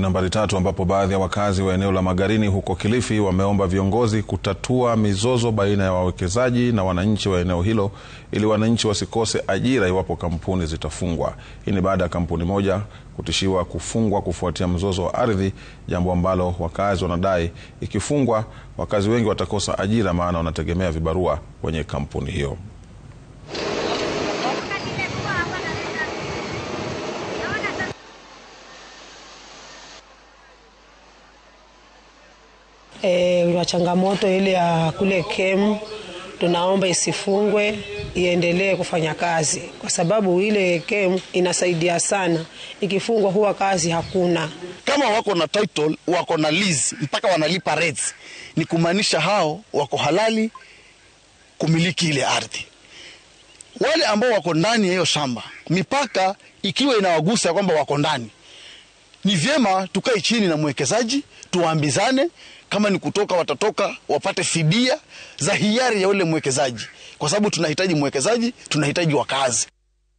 Nambari tatu ambapo baadhi ya wakazi wa eneo la Magarini huko Kilifi wameomba viongozi kutatua mizozo baina ya wawekezaji na wananchi wa eneo hilo ili wananchi wasikose ajira iwapo kampuni zitafungwa. Hii ni baada ya kampuni moja kutishiwa kufungwa kufuatia mzozo wa ardhi, jambo ambalo wakazi wanadai ikifungwa, wakazi wengi watakosa ajira maana wanategemea vibarua kwenye kampuni hiyo. e, changamoto ile ya kule kemu tunaomba isifungwe iendelee kufanya kazi kwa sababu ile kemu inasaidia sana. Ikifungwa huwa kazi hakuna. Kama wako na title, wako na lease mpaka wanalipa rates, ni kumaanisha hao wako halali kumiliki ile ardhi. Wale ambao wako ndani ya hiyo shamba, mipaka ikiwa inawagusa kwamba wako ndani ni vyema tukae chini na mwekezaji tuwaambizane, kama ni kutoka watatoka wapate fidia za hiari ya ule mwekezaji, kwa sababu tunahitaji mwekezaji, tunahitaji wakazi.